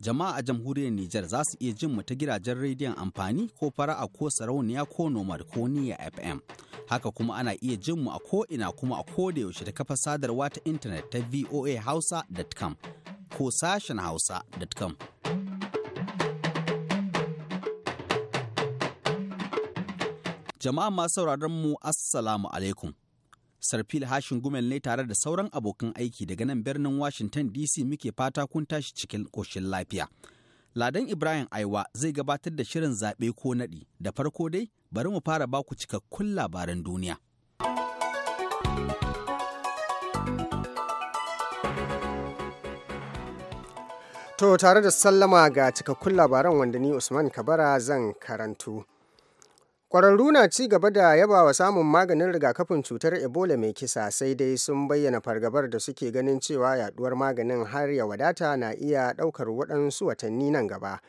jama'a a jamhuriyar Nijar za su iya jin mu ta gidajen rediyon amfani ko fara'a ko sarauniya ko nomad ko niya FM. Haka kuma ana iya jin mu a ko'ina kuma a da yaushe ta kafa sadarwa ta intanet ta voahausa.com ko sashen hausa.com. Jama'a masu sauraron mu Assalamu alaikum. Sarfil Hashin Gumel ne tare da sauran abokan aiki daga nan birnin Washington DC muke fata kun tashi cikin koshin lafiya. Ladan Ibrahim Aiwa zai gabatar da shirin zaɓe ko naɗi da farko dai bari mu fara baku cikakkun labaran duniya. To tare da sallama ga cikakkun labaran wanda ni Usman Kabara zan karantu. Kwararru na ci gaba da yabawa samun maganin rigakafin cutar Ebola mai kisa sai dai sun bayyana fargabar da suke ganin cewa yaduwar maganin har ya wadata na iya ɗaukar waɗansu watanni nan gaba.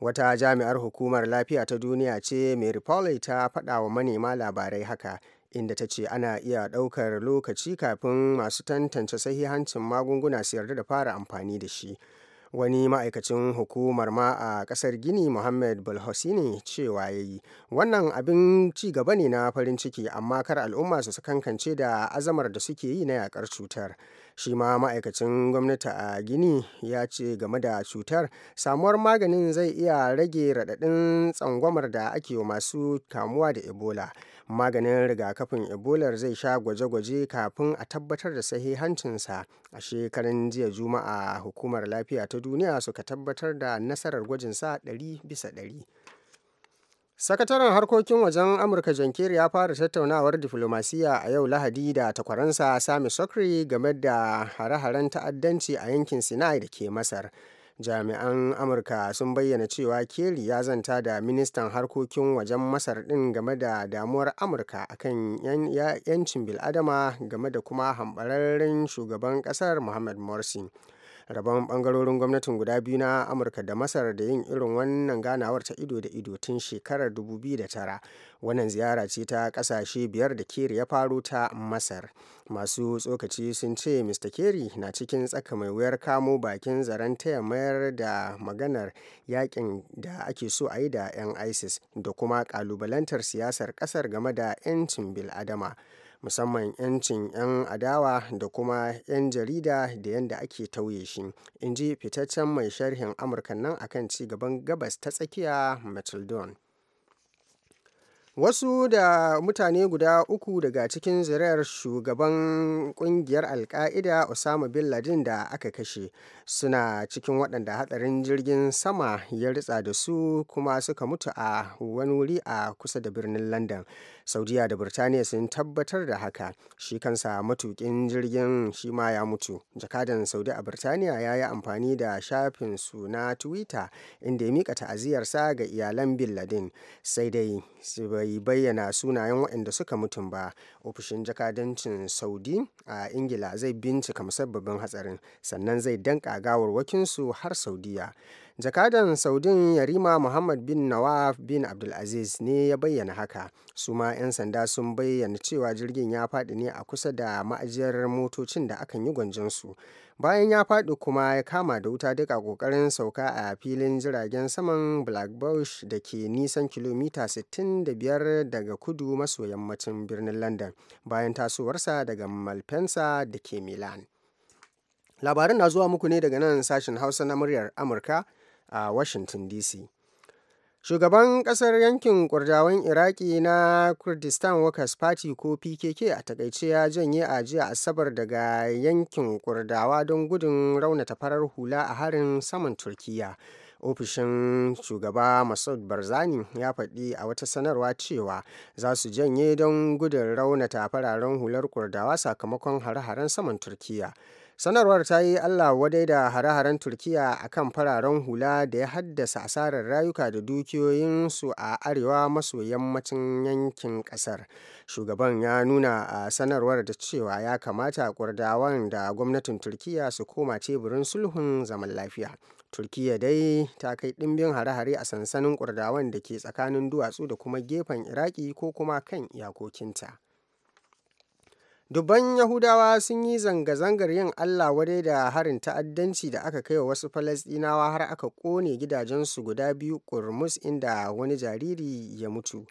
Wata jami'ar Hukumar Lafiya ta Duniya ce Mary Pauley ta faɗa wa manema labarai haka. inda ta ce ana iya ɗaukar lokaci kafin masu tantance sahihancin magunguna su yarda da fara amfani da shi. wani ma'aikacin hukumar ma a kasar gini mohammed balhosini cewa ya yi wannan abin ci gaba ne na farin ciki amma kar al'umma su kankance da azamar da suke yi na yakar cutar shi ma ma'aikacin gwamnati a gini ya ce game da cutar samuwar maganin zai iya rage raɗaɗin tsangwamar da ake wa masu kamuwa da ebola maganin rigakafin ebola zai sha gwaje-gwaje kafin a tabbatar da sahihancinsa a shekarun jiya juma'a hukumar lafiya ta duniya suka tabbatar da nasarar gwajin sa 100 bisa 100 sakataren harkokin wajen amurka john ya fara tattaunawar diflomasiya a yau lahadi da takwaransa sami sokri game da hare-haren ta'addanci a yankin sinai da ke masar jami'an amurka sun bayyana cewa keri ya zanta da ministan harkokin wajen masar ɗin game da damuwar amurka akan yancin bil'adama game da kuma hambararren shugaban kasar muhammad morsi rabon bangarorin gwamnatin guda biyu na amurka da masar da yin irin wannan ganawar ta ido da ido tun shekarar 2009 wannan ziyara ce ta kasashe biyar da keri ya faro ta masar masu tsokaci sun ce mr kerry na cikin tsaka mai wuyar kamo bakin zaren taya mayar da maganar yakin da ake so a yi da 'yan isis da kuma kalubalantar siyasar kasar game da 'yancin bil'adama musamman 'yancin 'yan adawa da kuma 'yan jarida da yadda ake tauye shi in ji fitaccen mai sharhin amurka nan akan ci gaban gabas ta tsakiya Matildon. wasu da mutane guda uku daga cikin zuriyar shugaban kungiyar alka'ida osama bin laden da aka kashe suna cikin waɗanda hatsarin jirgin sama ya ritsa da su kuma suka mutu a wani wuri a kusa da birnin london saudiya da birtaniya sun tabbatar da haka shi kansa matukin jirgin shi ma ya mutu jakadan saudi a birtaniya ya yi amfani da shafin su na twitter inda ya mika ta'aziyarsa ga iyalan bin ladin sai dai su bai bayyana sunayen waɗanda suka mutum ba ofishin jakadancin saudi a ingila zai bincika musabbabin hatsarin sannan zai danka gawarwakin gawarwakinsu har saudiya jakadan saudin yarima muhammad bin nawaf bin abdulaziz ne ya bayyana haka su ma 'yan sanda sun bayyana cewa jirgin ya faɗi ne a kusa da ma'ajiyar motocin da akan yi gwanjonsu bayan ya faɗi kuma ya kama da wuta duka ƙoƙarin sauka a filin jiragen saman black bush da ke nisan kilomita 65 daga kudu maso yammacin birnin london bayan tasowarsa daga malpensa da ke milan Labarin na zuwa muku ne daga nan sashen hausa na muryar amurka a washington dc shugaban kasar yankin kurdawan iraki na kurdistan workers party ko pkk a takaice ya janye a jiya asabar daga yankin kurdawa don gudun raunata farar hula a harin saman turkiya ofishin shugaba Masoud barzani ya faɗi a wata sanarwa cewa za su janye don gudun raunata fararen hular kurdawa sakamakon hare-haren saman turkiya sanarwar ta yi allah wadai da hare-haren turkiya a kan fararen hula da ya haddasa asarar rayuka da dukiyoyinsu a arewa maso yammacin yankin kasar shugaban ya nuna a sanarwar da cewa ya kamata kurdawan da gwamnatin turkiya su koma teburin sulhun zaman lafiya turkiya dai ta kai ɗimbin hare-hare a sansanin kurdawan da ke tsakanin duwatsu da kuma gefen iraki ko kuma kan iyakokinta Dubban Yahudawa sun yi zanga-zangar yin Allah wadai da harin ta'addanci da aka kai wa wasu Falasɗinawa har aka ƙone gidajensu guda biyu ƙurmus inda wani jariri ya mutu.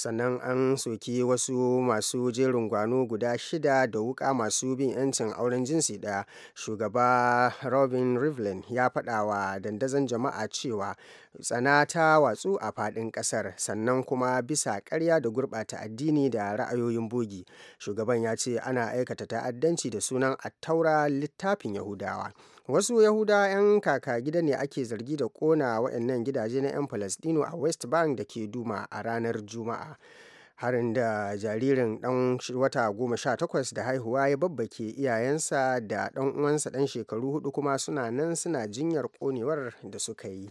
sannan an soki wasu masu jerin gwano guda shida da wuka masu bin 'yancin auren jinsi da shugaba robin rivlin ya faɗa wa dandazon jama'a cewa tsana ta watsu a faɗin ƙasar sannan kuma bisa ƙarya da gurɓata addini da ra'ayoyin bogi shugaban ya ce ana aikata ta'addanci da sunan attaura littafin yahudawa Wasu yahuda 'yan kaka gida ne ake zargi da kona waɗannan gidaje na 'yan Falasɗinu a West Bank da ke Duma a ranar Juma'a. harin da jaririn dan wata goma sha takwas da haihuwa ya babbake iyayensa da dan uwansa dan shekaru hudu kuma suna nan suna jinyar konewar da suka yi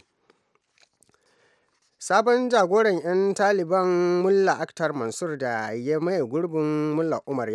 Sabon jagoran 'yan Taliban Mullah Akhtar Mansur da ya maye gurbin Mullah Umar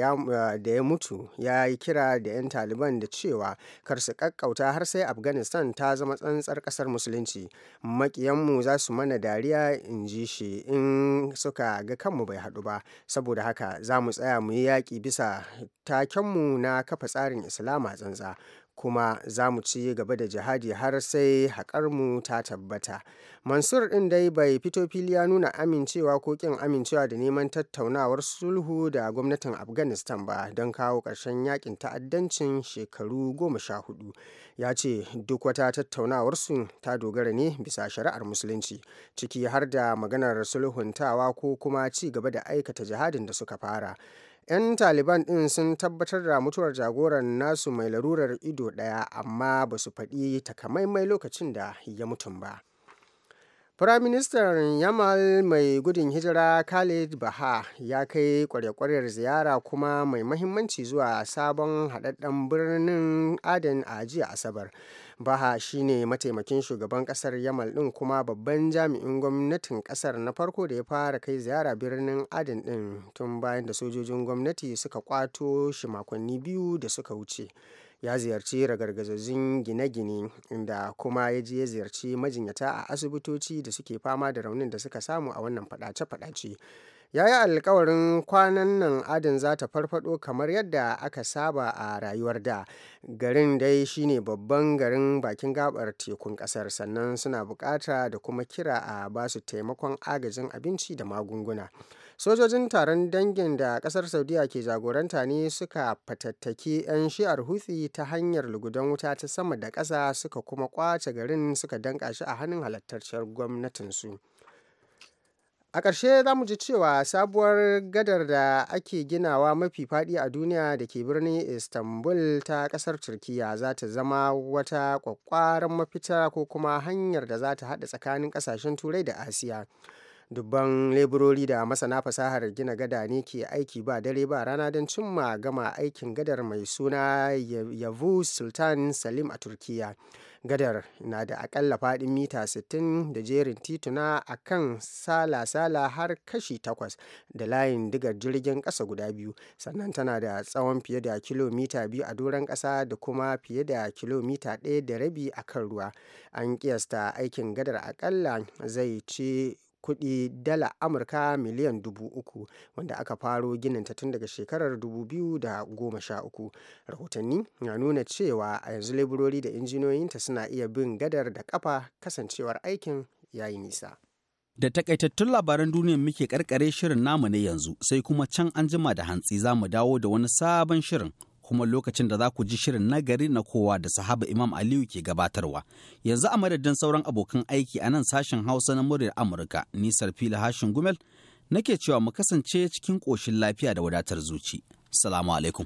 da ya mutu ya yi kira da 'yan Taliban da cewa kar su kakkauta har sai Afghanistan ta zama tsantsar kasar musulunci. Makiyanmu za su mana dariya in ji shi in suka ga kanmu bai haɗu ba. Saboda haka za mu tsaya mu yi yaƙi bisa takenmu na kafa tsarin Islama tsantsa. kuma za mu ci gaba da jihadi har sai haƙarmu ta tabbata mansur ɗin dai bai fito fili ya nuna amincewa ko ƙin amincewa da neman tattaunawar sulhu da gwamnatin afghanistan ba don kawo ƙarshen yakin ta'addancin shekaru goma sha hudu ya ce duk wata tattaunawar su ta dogara ne bisa shari'ar musulunci ciki har da maganar sulhuntawa ko kuma ci gaba da aikata jihadin da suka fara 'yan taliban ɗin sun tabbatar da mutuwar jagoran nasu mai larurar ido ɗaya amma ba su faɗi takamaimai lokacin da ya mutum ba Firaministan Yamal mai gudun hijira Khalid Baha ya kai kware-kwaryar ziyara kuma mai mahimmanci zuwa sabon haɗaɗɗen birnin Aden a jiya Asabar. baha shine mataimakin shugaban kasar yamal din kuma babban jami'in gwamnatin kasar na farko da ya fara kai ziyara birnin adin din tun bayan da sojojin gwamnati suka kwato shi makonni biyu da suka wuce ya ziyarci ragargazazzun gine-gine inda kuma ya je ya ziyarci majinyata a asibitoci da suke fama da raunin da suka samu a wannan fadace-fadace ya yi alkawarin kwanan nan adin za ta farfado kamar yadda aka saba a rayuwar da garin dai shine babban garin bakin gabar tekun kasar sannan suna bukata da kuma kira a basu taimakon agajin abinci da magunguna sojojin taron dangin da kasar saudiya ke jagoranta ne suka fatattaki 'yan shi'ar hutsi ta hanyar lugudan wuta ta sama da ƙasa suka kuma kwace garin suka danka shi a hannun halattarciyar gwamnatinsu. su A ƙarshe za mu ji cewa sabuwar gadar da ake ginawa mafi faɗi a duniya da ke birnin Istanbul ta ƙasar Turkiyya za ta zama wata ƙwaƙƙwarar mafita ko kuma hanyar da za ta haɗa tsakanin ƙasashen Turai da Asiya. dubban leburori da masana fasahar gina gada ne ke aiki ba dare ba rana don cimma gama aikin gadar mai suna yavu sultan salim a turkiya gadar na da akalla fadin mita 60 da jerin tituna a kan sala-sala har kashi 8 da layin digar jirgin ƙasa guda biyu sannan tana da tsawon fiye da kilomita biyu a doron ƙasa da kuma fiye da kilomita ɗaya da rabi a kan ruwa an kiyasta aikin gadar akalla zai ci kuɗi dala amurka miliyan dubu uku wanda aka faro ginin ta tun daga shekarar dubu biyu da goma sha uku rahotanni na nuna cewa a yanzu leburori da injiniyoyinta suna iya bin gadar da kafa kasancewar aikin yayi nisa Da takaitattun labaran duniyar muke karkare shirin namu na yanzu sai kuma can an jima da hantsi za mu dawo da wani sabon shirin kuma lokacin da za ku ji shirin nagari na kowa da sahaba Imam Aliyu ke gabatarwa. Yanzu a madadin sauran abokan aiki a nan sashen Hausa na muryar Amurka, nisar Sarfila Hashin Gumel, nake cewa mu kasance cikin ƙoshin lafiya da wadatar zuci. Salamu alaikum.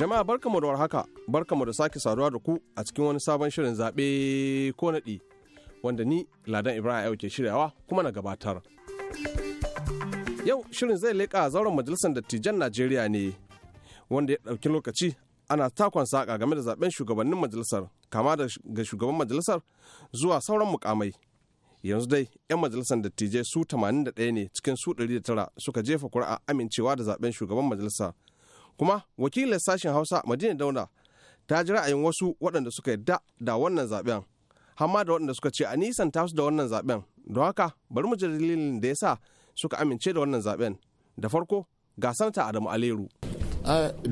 Jama'a barkamu da warhaka, barkamu da sake saduwa da ku a cikin wani sabon shirin zaɓe ko naɗi wanda ni Ladan Ibrahim ke shiryawa kuma na gabatar. Yau shirin zai leƙa zauren majalisar dattijan Najeriya ne wanda ya ɗauki lokaci ana takon saƙa game da zaɓen shugabannin majalisar kama daga shugaban majalisar zuwa sauran mukamai. Yanzu dai 'yan majalisar dattijai su 81 ne cikin su 109 suka jefa kuri'a amincewa da zaɓen shugaban majalisar kuma wakilin sashen hausa madina dauna ta ji ra'ayin wasu waɗanda suka yarda da wannan zaben hamma da waɗanda suka ce a nisan tasu da wannan zaben don haka bari mu dalilin da ya sa suka amince da wannan zaben da farko ga sanata adamu aleru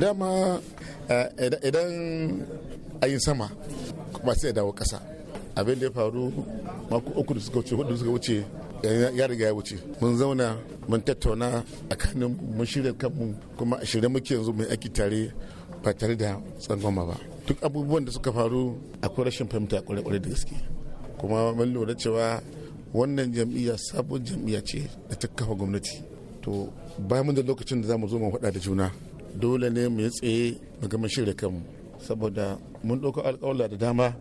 dama idan ayin sama sai dawo ƙasa abin da ya faru mako uku da suka wuce hudu suka wuce ya riga ya wuce mun zauna mun tattauna a kanin mun shirya kanmu kuma a shirya muke yanzu mun aiki tare ba tare da tsangwama ba duk abubuwan da suka faru akwai rashin fahimta kwarai-kwarai da gaske kuma mun lura cewa wannan jam'iyya sabon jam'iyya ce da ta kafa gwamnati to ba mun da lokacin da za mu zo mu faɗa da juna dole ne mu yi tsaye mu mun shirya kanmu saboda mun ɗauka alƙawla da dama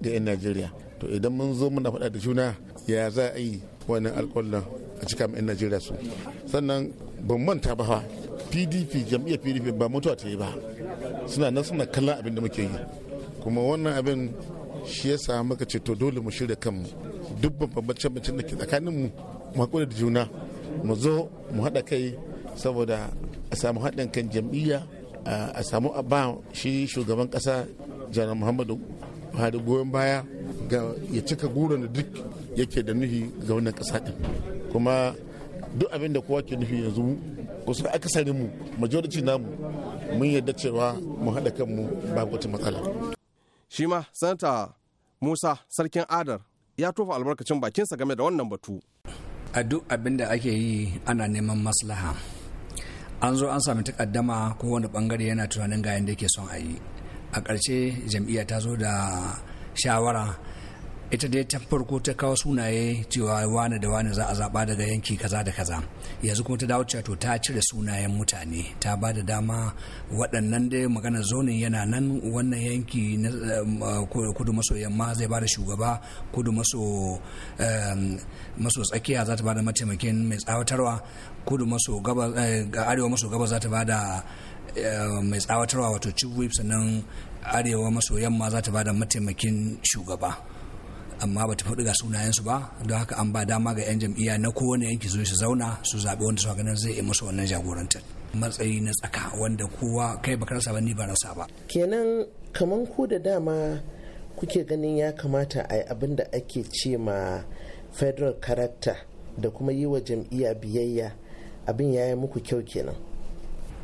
da 'yan najeriya to idan mun zo muna faɗa da juna ya za a yi wani alƙawalin a cikin 'yan najeriya su sannan ban manta ba fa pdp jam'iyyar pdp ba mutuwa ta yi ba suna nan suna kallon abin da muke yi kuma wannan abin shi ya sa muka ce to dole mu shirya kanmu duk bambancin bambancen da ke tsakanin mu haƙura da juna mu zo mu haɗa kai saboda a samu haɗin kan jam'iyya a samu a shi shugaban ƙasa janar muhammadu buhari goyon baya ga ya cika guran da duk yake da nufi ga wannan ƙasa ɗin kuma duk abin da kowa ke nufi yanzu kusan akasarin mu majority namu mun yarda cewa mu haɗa kanmu ba wata matsala shi ma sanata musa sarkin adar ya tofa albarkacin bakinsa game da wannan batu a duk abin da ake yi ana neman maslaha an zo an sami takaddama ko wani bangare yana tunanin ga yadda yake son a yi a ƙarshe jam'iyya ta zo da shawara ita dai ta farko ta kawo sunaye cewa wane da wane za a zaɓa daga yanki kaza da kaza yanzu kuma ta dawo cewa to ta cire sunayen mutane ta ba da dama waɗannan dai magana zonin yana nan wannan yanki na eh, kudu maso yamma zai ba da shugaba kudu eh, maso tsakiya za ta ba da mataimakin mai tsawatarwa kudu maso eh, arewa maso gaba za ta ba da Eh, mai tsawatarwa wato chief sannan arewa maso yamma za ta bada mataimakin shugaba amma ba ta faɗi ga sunayensu ba don haka an ba dama ga 'yan jam'iyya na kowane yanki su su zauna su zaɓi wanda su ganin zai yi musu wannan jagorantar matsayi na tsaka wanda kowa kai ba rasa ba ni ba rasa ba kenan kaman ku da dama kuke ganin ya kamata a abin da ake ce ma federal character da kuma yi wa jam'iyya biyayya abin ya yi muku kyau kenan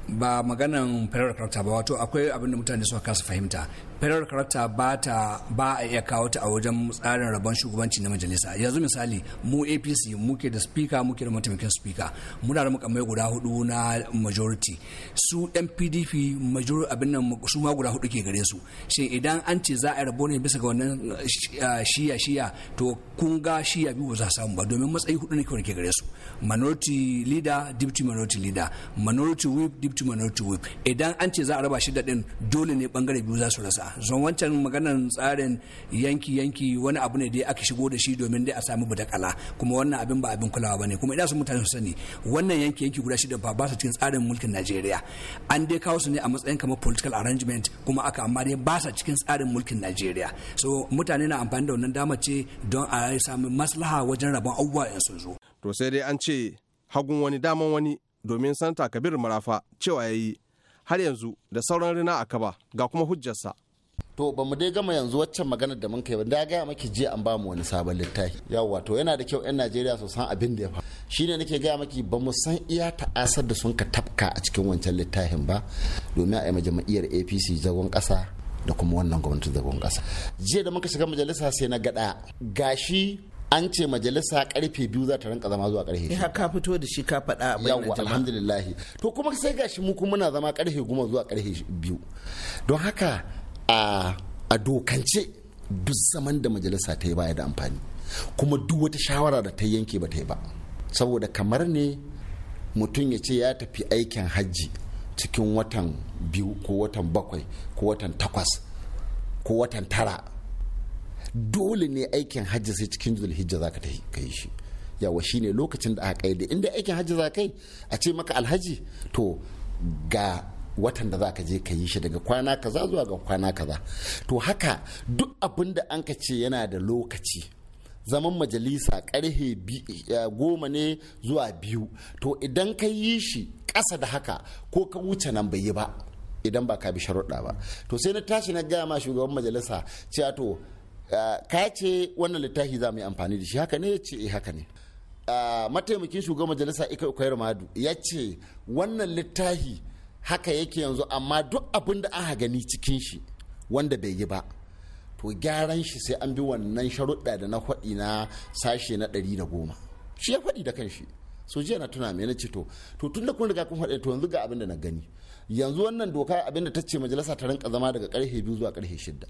ba maganan federal character ba wato akwai abin da mutane suka kasa fahimta federal character ba ta ba a iya kawo ta a wajen tsarin rabon shugabanci na majalisa yanzu misali mu apc muke da speaker muke da mataimakin speaker muna da mukammai guda hudu na majority su yan pdp majority abin nan su ma guda hudu ke gare su shin idan an ce za a rabo ne bisa ga wannan uh, shiya shiya to kun ga shiya biyu ba za samu ba domin matsayi hudu ne kawai ke gare su minority leader deputy minority leader minority whip deputy minority whip idan an ce za a raba shi da din dole ne bangare biyu za su rasa zama wancan maganar tsarin yanki yanki wani abu ne dai aka shigo da shi domin dai a samu budakala kuma wannan abin ba abin kulawa bane kuma idan su mutane su sani wannan yanki yanki guda shi da ba su cikin tsarin mulkin Najeriya an dai kawo su ne a matsayin kamar political arrangement kuma aka amma dai ba su cikin tsarin mulkin Najeriya so mutane na amfani da wannan dama ce don a samu maslaha wajen rabon abubuwa in sun zo to sai dai an ce hagun wani daman wani domin santa kabir marafa cewa ya yi har yanzu da sauran rina a kaba ga kuma hujjarsa to ba mu dai gama yanzu waccan magana da mun kai ba da gaya maki je an bamu wani sabon littafi yawa to yana da kyau yan najeriya su san abin da ya faru shine nake gaya maki ba mu san iya ta'asar da sun ka tafka a cikin wancan littafin ba domin a yi majami'ar apc zagon kasa da kuma wannan gwamnati zagon kasa jiya da muka shiga majalisa sai na gada gashi an ce majalisa karfe biyu za ta rinka zama zuwa karfe shi ka fito da shi ka faɗa a bayan jama'a alhamdulillah to kuma sai gashi mu kuma muna zama karfe goma zuwa karfe biyu don haka a dokance duk zaman da majalisa ta yi baya da amfani kuma duk wata shawara da ta yanke ba ta yi ba saboda kamar ne mutum ya ce ya tafi aikin hajji cikin watan biyu ko watan bakwai ko watan takwas ko watan tara dole ne aikin hajji sai cikin zulhijja za ka ta yi shi yawa shi ne lokacin da aka kai da inda aikin hajji za yi a ce maka alhaji to ga watan da za ka je ka yi shi daga kwana kaza zuwa ga kwana kaza to haka duk abin da an ka ce yana da lokaci zaman majalisa karhe goma ne zuwa biyu to idan ka yi shi kasa da haka ko ka wuce nan bai yi ba idan ba ka bi sharuɗa ba to sai na tashi na gaya ma shugaban majalisa cewa to eh, ka ce wannan littafi za mu yi amfani da shi haka ne ya ce eh, haka ne eh, mataimakin shugaban majalisa ika madu ya ce wannan littafi haka yake yanzu amma duk abin da aka gani cikin shi wanda bai yi ba to gyaran shi sai an bi wannan sharuɗa da na faɗi na sashe na ɗari da goma shi ya faɗi da kanshi so jiya na tuna mai na ce to to tun da kun riga kun faɗi to yanzu ga abin da na gani yanzu wannan doka abin da ta ce majalisa ta rinka zama daga karfe biyu zuwa karfe shida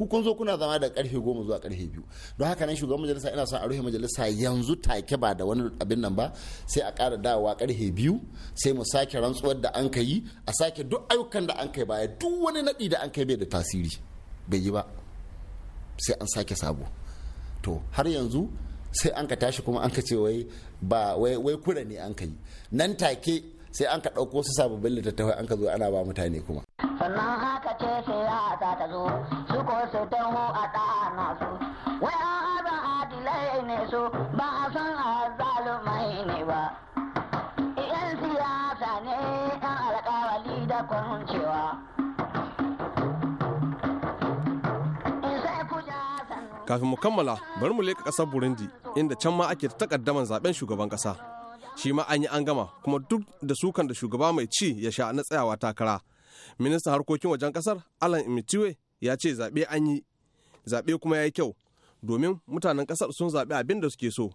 ku kun zo kuna zama da karfe goma zuwa karfe biyu don haka nan shugaban majalisa ina son a rufe majalisa yanzu take ba da wani abin nan ba sai a ƙara dawowa karfe biyu sai mu sake rantsuwar da an ka a sake duk ayyukan da an kai baya duk wani naɗi da an kai bai da tasiri bai yi ba sai an sake sabo to har yanzu sai an ka tashi kuma an ka ce wai ba wai kura ne an ka nan take sai an ka ɗauko su sababbin littattafai an ka zo ana ba mutane kuma. sannan haka ce sai ya haɗa ta zo su ko su taho a ɗana su wai an haɗa adilai ne su ba a san a ne ba yan siyasa ne yan alƙawali da kwancewa. kafin mu kammala bari mu leka ƙasar burundi inda can ma ake ta takaddaman zaben shugaban ƙasa shi ma an yi an gama kuma duk da sukan da shugaba mai ci ya sha na tsayawa takara ministan harkokin wajen kasar alan imitiwe ya ce zaɓe an yi zaɓe kuma ya yi kyau domin mutanen kasar sun zaɓe abin da suke so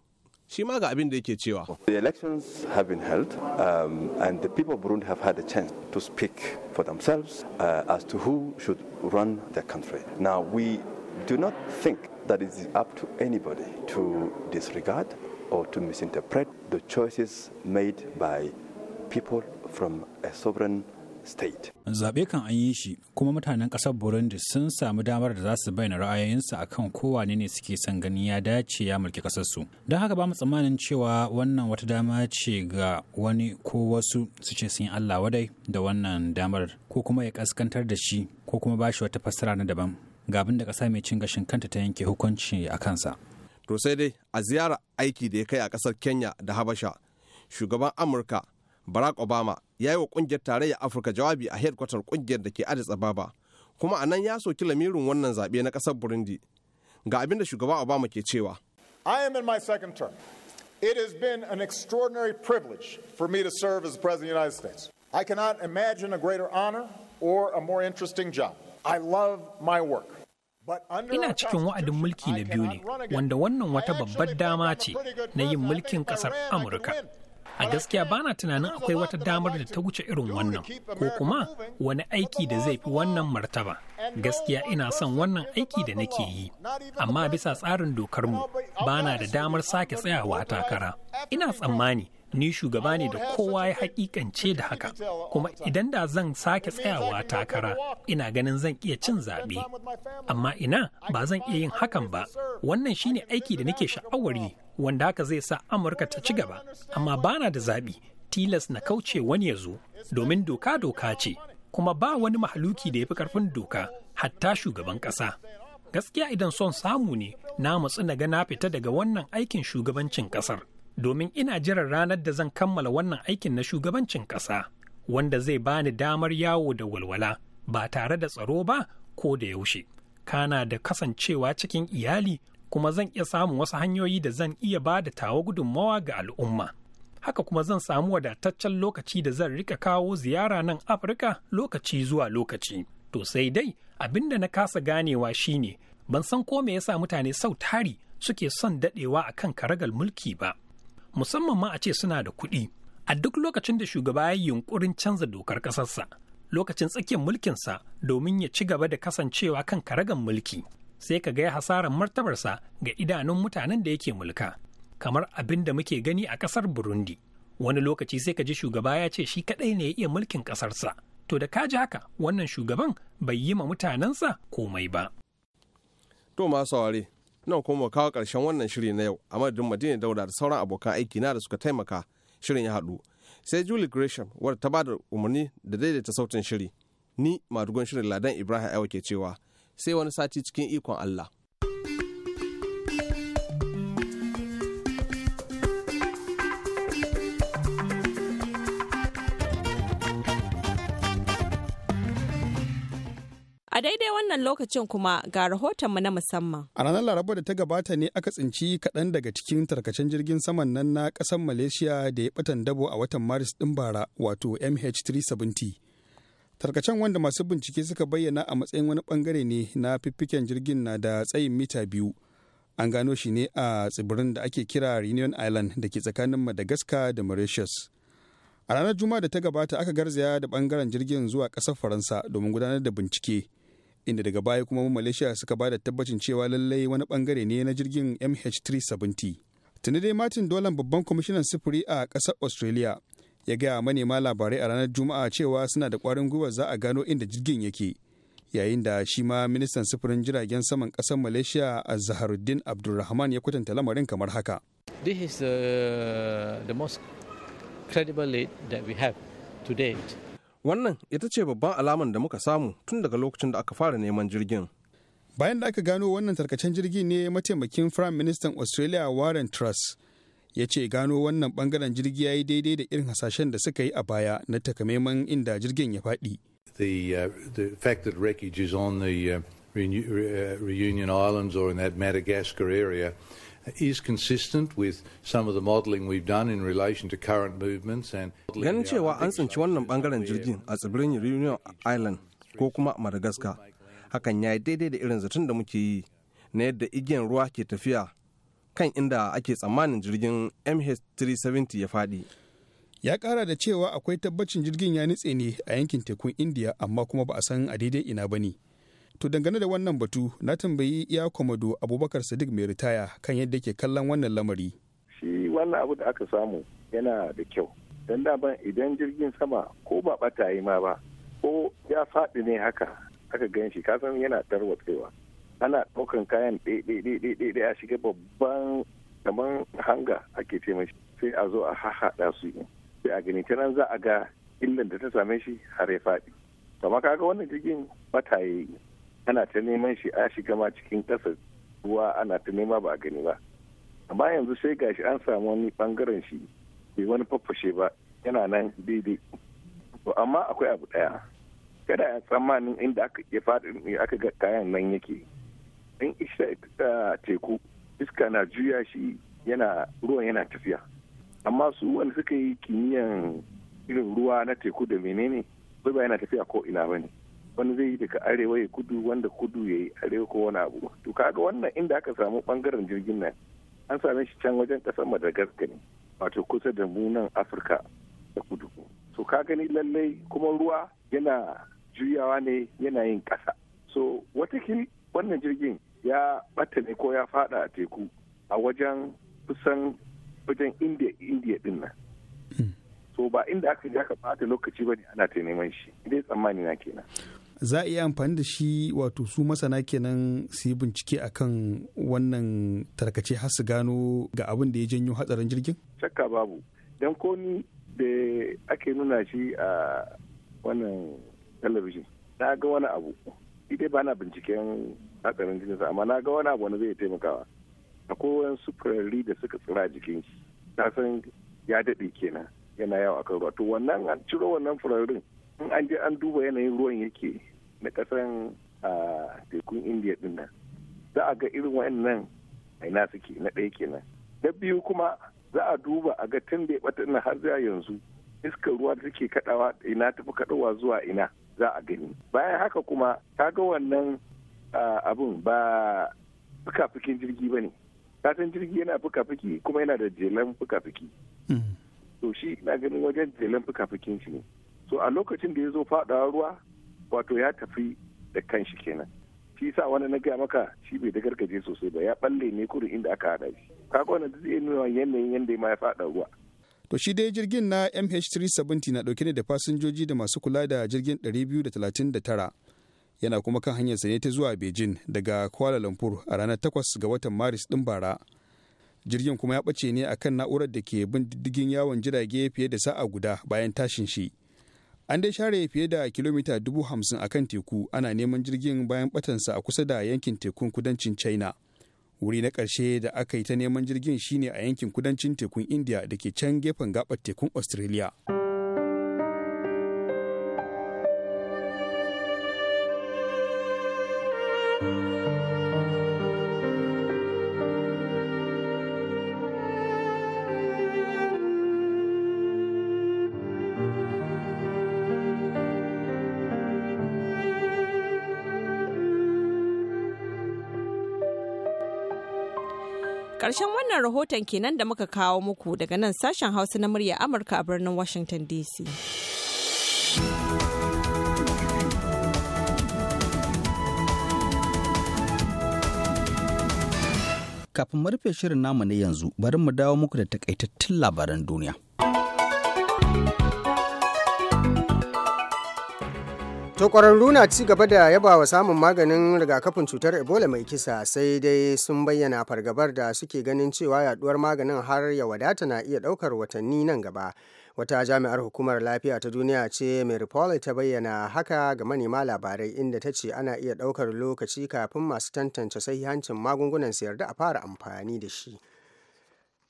shi ma ga abin da yake cewa. The elections have been held um, and the people of Burundi have had a chance to speak for themselves uh, as to who should run their country. Now we do not think that it is up to anybody to disregard or to misinterpret the choices made by people from a sovereign state. Zaɓe kan an yi shi kuma mutanen ƙasar Burundi sun samu damar da za su bayyana ra'ayoyinsu akan kowane ne suke son gani ya dace ya mulki ƙasarsu. Don haka ba mu tsammanin cewa wannan wata dama ce ga wani ko wasu su ce sun yi Allah wadai da wannan damar ko kuma ya ƙaskantar da shi ko kuma ba shi wata fassara na daban ga abin da ƙasa mai cin gashin kanta ta yanke hukunci a kansa. to sai dai a ziyarar aiki da ya kai a kasar kenya da habasha shugaban amurka barack obama ya yi wa kungiyar tarayyar afirka jawabi a headquarter kungiyar da ke addis ababa kuma anan ya soki lamirin wannan zaɓe na ƙasar burundi ga abin da shugaban obama ke cewa i am in my second term it has been an extraordinary privilege for me to serve as president of the united states i cannot imagine a greater honor or a more interesting job i love my work Ina cikin wa'adin mulki na biyu ne, wanda wannan wata babbar dama ce na yin mulkin ƙasar Amurka. A gaskiya bana tunanin akwai wata damar da ta wuce irin wannan, ko kuma wani aiki da zai fi wannan martaba. Gaskiya ina son wannan aiki da nake yi, amma bisa tsarin dokarmu na da damar sake tsayawa takara. Ina tsammani ni shugaba ne da kowa ya haƙiƙance da haka kuma idan da zan sake tsayawa takara ina ganin zan iya cin zaɓe amma ina ba zan iya yin hakan ba wannan shine aiki da nake sha'awar yi wanda haka zai sa amurka ta ci gaba amma bana da zaɓi tilas na kauce wani ya zo domin doka doka ce kuma ba wani mahaluki da ya fi karfin doka hatta shugaban ƙasa gaskiya idan son samu ne na matsu na ga na fita daga wannan aikin shugabancin ƙasar domin ina jiran ranar da zan kammala wannan aikin na shugabancin ƙasa wanda zai bani damar yawo da walwala ba tare da tsaro ba ko da yaushe kana da kasancewa cikin iyali kuma zan iya samun wasu hanyoyi da zan iya ba da tawa gudunmawa ga al'umma haka kuma zan samu wadataccen lokaci da zan rika kawo ziyara nan afirka lokaci zuwa lokaci to sai dai abin da na kasa ganewa shine ban san ko me yasa mutane sau tari suke son dadewa akan karagal mulki ba musamman ma a ce suna da kuɗi a duk lokacin da shugaba ya yi yunkurin canza dokar ƙasarsa lokacin tsakiyar mulkinsa domin ya ci gaba da kasancewa kan karagan mulki sai ka ga ya hasarar martabarsa ga idanun mutanen da yake mulka kamar abin da muke gani a ƙasar burundi wani lokaci sai ka ji shugaba ya ce shi kaɗai ne ya iya mulkin ƙasarsa to da ka ji haka wannan shugaban bai yi ma mutanensa komai ba. To ma nan kuma kawo ƙarshen wannan shiri na yau a madadin madina dauda da sauran abokan aiki na da suka taimaka shirin ya haɗu sai julie gresham wadda ta bada umarni da daidaita sautin shiri ni madugon shirin ladan ibrahim aiwa ke cewa sai wani sati cikin ikon allah A daidai wannan lokacin kuma ga rahoton rahotonmu na musamman. A ranar Laraba da ta gabata ne aka tsinci kaɗan daga cikin tarkacen jirgin saman nan na ƙasar Malaysia da ya batan dabo a watan Maris ɗin bara wato MH370. Tarkacen wanda masu bincike suka bayyana a matsayin wani bangare ne na fiffiken jirgin na da tsayin mita biyu. An gano shi ne a tsibirin da ake kira Reunion Island da ke tsakanin Madagascar da Mauritius. A ranar Juma'a da ta gabata aka garzaya da bangaren jirgin zuwa ƙasar Faransa domin gudanar da bincike. inda daga baya kuma malaysia suka ba da tabbacin cewa lallai wani bangare ne na jirgin mh370 tuni dai martin dolan babban kwamishinan sufuri a kasar australia ya gaya manema labarai a ranar juma'a cewa suna da kwarin gwiwa za a gano inda jirgin yake yayin da shi ma ministan sufurin jiragen saman kasar malaysia a zaharuddin abdulrahman ya kwatanta lamarin kamar haka this is uh, the most credible lead that we have to date wannan ita ce babban alaman da muka samu tun daga lokacin da aka fara neman jirgin bayan da aka gano wannan tarkacen jirgi ne mataimakin Prime ministan australia warren truss ya ce gano wannan bangaren jirgi ya yi daidai da irin hasashen da suka yi a baya na takamaiman inda jirgin ya faɗi. The, uh, the fact that wreckage is on the uh, uh Reunion Islands or in that Madagascar area is consistent with some of the modeling we've done in relation to current movements and ganin cewa an tsinci wannan bangaren jirgin a tsibirin Reunion Island ko kuma Madagascar hakan ya yi daidai da irin zaton da muke yi na yadda igiyan ruwa ke tafiya kan inda ake tsammanin jirgin MH370 ya faɗi. ya kara da cewa akwai tabbacin jirgin ya nutse ne a yankin tekun india amma kuma ba a san a daidai ina ba ne To dangane da wannan batu na tambayi ya kwamado Abubakar Sadiq mai ritaya kan yadda ke kallon wannan lamari. Shi wannan abu da aka samu yana da kyau. dan daban idan jirgin sama ko ba ɓata yi ma ba ko ya faɗi ne haka aka gan shi kasan yana tarwatsewa. Ana ɗaukan kayan ɗaiɗaiɗaiɗaiɗai a shiga babban kamar hanga ake ce mashi sai a zo a hahaɗa su sai a gani tanan nan za a ga illan da ta same shi har ya faɗi. Kama kaga wannan jirgin mataye ana ta neman shi a shiga ma cikin ƙasa ruwa ana ta nema ba a gani ba amma yanzu sai gashi an samu wani bangaren shi bai wani faffashe ba yana nan daidai to amma akwai abu ɗaya kada a tsammanin inda aka ya faɗi aka ga kayan nan yake in isa teku iska na juya shi yana ruwan yana tafiya amma su wani suka yi kimiyyan irin ruwa na teku da menene ba yana tafiya ko ina ba wani zai yi daga arewa ya kudu wanda kudu ya yi arewa ko wani abu to kaga wannan inda aka samu bangaren jirgin nan an same shi can wajen kasar madagascar ne wato kusa da mu nan afirka da kudu so ka gani lallai kuma ruwa yana juyawa ne yana yin kasa so watakil wannan jirgin ya bata ne ko ya fada a teku a wajen kusan wajen indiya indiya din nan hmm. so ba inda aka ji aka bata lokaci ba ne ana ta neman shi dai tsammani na kenan za a iya amfani da shi wato su masana kenan su yi bincike a kan wannan tarkace har su gano ga abin da ya janyo hatsarin jirgin? Shakka babu. Don ko da ake nuna shi a wannan talabijin na ga wani abu. Idai ba na binciken hatsarin jirgin amma na ga wani abu wani zai taimakawa. Akwai wani sufurari da suka tsira jikin shi. Ta san ya daɗe kenan yana yawa akan ruwa. To wannan an ciro wannan furarin in an je an duba yanayin ruwan yake na kasan tekun indiya din nan za a ga irin wayannan aina suke na ɗaya kenan na biyu kuma za a duba a ga tun da ya ɓata ina har zuwa yanzu iskar ruwa da take kaɗawa ina tafi kaɗawa zuwa ina za a gani bayan haka kuma ta ga wannan abun ba fuka-fukin jirgi ba ne katon jirgi yana fuka-fuki kuma yana da jelen fuka-fuki hmm. to shi na ganin wajen jelen fuka-fukin shi ne so a lokacin da ya zo faɗawa ruwa wato ya tafi da kanshi kenan shi sa wani na gaya maka shi bai da gargaje sosai ba ya balle ne kurin inda aka hada shi ka wannan da zai nuna yanayin yanda ma ya faɗa ruwa to shi dai jirgin na MH370 na dauke ne da fasinjoji da masu kula da jirgin 239 yana kuma kan hanyar sa ne ta zuwa Beijing daga Kuala Lumpur a ranar 8 ga watan Maris din bara jirgin kuma ya bace ne akan na'urar da ke bin diddigin yawon jirage fiye da sa'a guda bayan tashin shi an dai share fiye da kilomita dubu hamsin a kan teku ana neman jirgin bayan batansa a kusa da yankin tekun kudancin china wuri na ƙarshe da aka yi ta neman jirgin shine a yankin kudancin tekun india da ke can gefen gabar tekun australia Karshen wannan rahoton kenan da muka kawo muku daga nan sashen Hausa na murya Amurka a birnin Washington DC. Kafin mu rufe shirin namu na yanzu, bari mu dawo muku da takaitattun labaran duniya. To na ci gaba da yaba wa samun maganin rigakafin cutar Ebola mai kisa sai dai sun bayyana fargabar da suke ganin cewa yaduwar maganin har ya wadata na iya ɗaukar watanni nan gaba. Wata jami'ar hukumar lafiya ta duniya ce Mary paul ta bayyana haka ga manema labarai inda ta ce ana iya ɗaukar lokaci kafin masu tantance sahihancin magungunan siyar da a fara amfani da shi.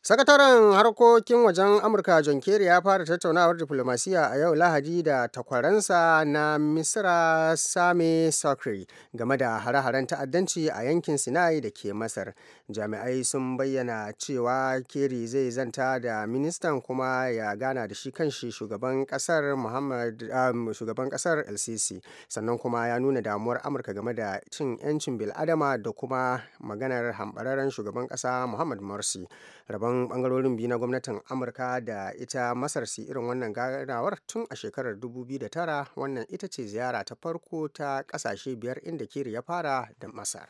Sakataren harkokin wajen Amurka John Kerry ya fara tattaunawar diflomasiyya a yau Lahadi da takwaransa na Misra Sami Sokri game da hare-haren ta'addanci a yankin Sinai da ke Masar. Jami'ai sun bayyana cewa Kerry zai zanta da ministan kuma ya gana da shi kanshi shugaban kasar um, shugaban kasar LCC sannan kuma ya nuna damuwar Amurka game da cin 'yancin bil'adama da kuma maganar hambararren shugaban kasa Muhammad Morsi. Rabon shugaban bangarorin biyu na gwamnatin amurka da ita masar su irin wannan ganawar tun a shekarar 2009 wannan ita ce ziyara ta farko ta kasashe biyar inda kiri ya fara da masar